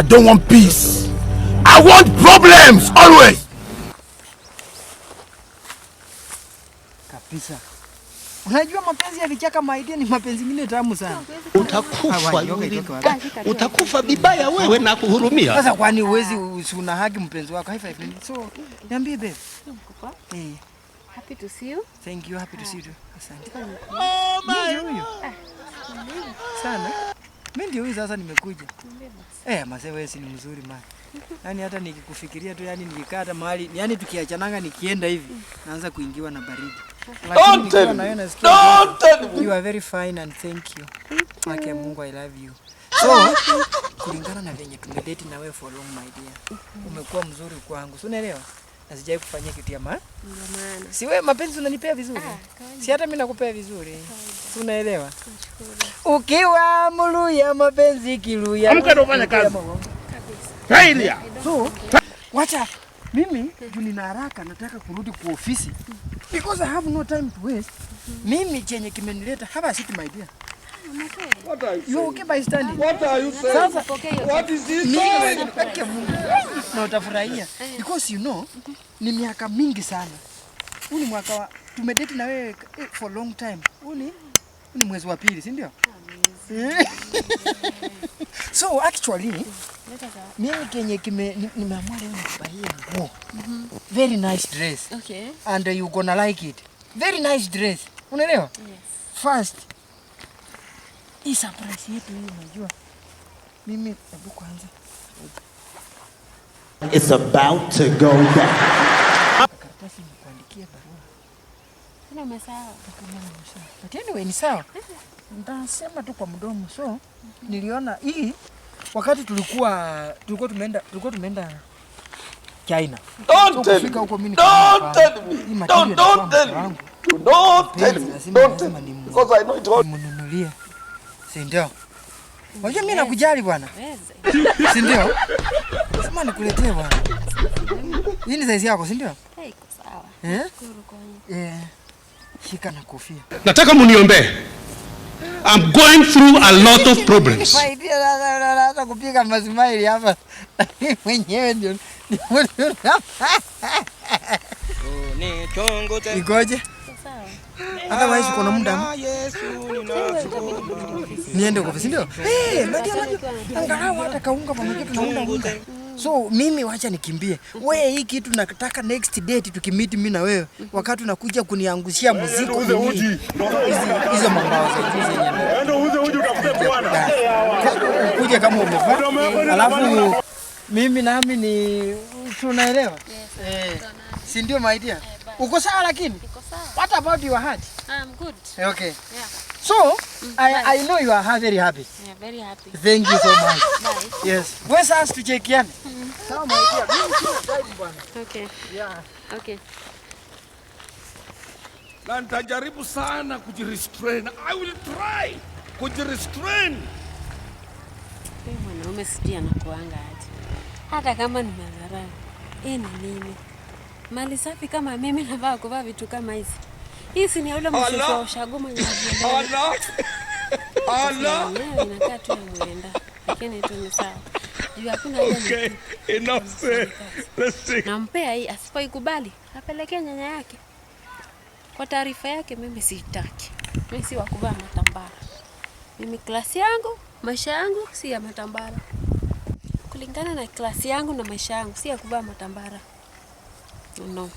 I don't want peace. I want problems always. Kapisa. Unajua mapenzi ya vichaka maidia ni mapenzi mingine tamu sana. Utakufa yule. Utakufa bibaya wewe na kuhurumia. Sasa kwani uwezi usuna haki mpenzi wako? High five. So, niambie babe. Eh. Happy to see you. Thank you. Happy to see you. Asante. Oh my. Sana. Mimi ndio huyu sasa nimekuja. Eh, mzee wewe si ni mzuri mali. Yaani hata nikikufikiria tu yani nikikaa hata mahali yani tukiachananga nikienda hivi naanza kuingiwa na baridi. Don't tell me. Don't tell me. You are very fine and thank you. Okay, Mungu I love you. So, kulingana na venye tumedate na wewe for long my dear. Umekuwa mzuri kwangu. Si unaelewa? na sijai kufanyia kitu ya maana. Si wewe mapenzi unanipea vizuri, Ah, si hata mimi nakupea vizuri, si unaelewa? Ukiwa mulu ya mapenzi kilu ya Amka ndo fanya kazi. so, wacha mimi nina haraka, nataka kurudi kwa ofisi because I have no time to waste. Mimi chenye kimenileta hapa sit my dear na utafurahia eh. because you know mhm ni miaka mingi sana. Huu ni mwaka wa tumedate na wewe eh, for long time. Huu ni ni mwezi wa pili, si ndio? Eh. So actually mimi kenye kime nimeamua leo nikubahie nguo. Mm-hmm. Very nice dress. Okay. And uh, you gonna like it. Very nice dress. Unaelewa? Yes. First, hii surprise yetu hii unajua. Mimi hebu kwanza. It's about to go down. kama sawa. anyway, ni sawa tu kwa mdomo so Niliona hii wakati tulikuwa tulikuwa tumeenda tulikuwa tumeenda China. Don't tell me. Don't tell me. Don't don't tell me. Don't tell me. Don't tell me. Because I know it all. Mnunulia. Si ndio? Unajua mimi nakujali bwana. Si ndio? Sema nikuletee bwana. Hii ni size yako, si ndio? Eh? Eh. Shika na kofia. Nataka muniombe. I'm going through a lot of problems. Kupiga hapa. Mwenyewe ndio. Hata waishi kuna muda. Niende kwa Eh, hata kaunga pamoja muda. So mimi wacha nikimbie. Wewe hii kitu nataka next date tukimiti mimi na wewe. Wakati unakuja kuniangushia muziki hizi hizo mambo ukuje kama umefa. Alafu mimi nami ni tunaelewa. Eh. Si ndio my dear? Eh, Uko sawa lakini? What about your heart? I'm good. Okay. Yeah. So, mm, I, nice. I know you are very happy. Yeah, very happy. Thank you so much. Nice. Yes. Where's us to check in? Ah! Na nitajaribu sana kujirestrain. I will try kujirestrain. Mwanaume sijui anakuanga aje, hata kama ni madharau. Hii ni nini? Mali safi kama mimi navaa kuvaa vitu kama hizi. Hii si ni yule mshiko wa ushaguma tu mwenda, lakini tu ni sawa juu hakuna okay. Nampea hii, asipoikubali apelekea nyanya yake. Kwa taarifa yake, mimi sitaki, mimi si wakuvaa matambara. Mimi klasi yangu, maisha yangu si ya matambara, kulingana na klasi yangu na maisha yangu si ya kuvaa matambara no.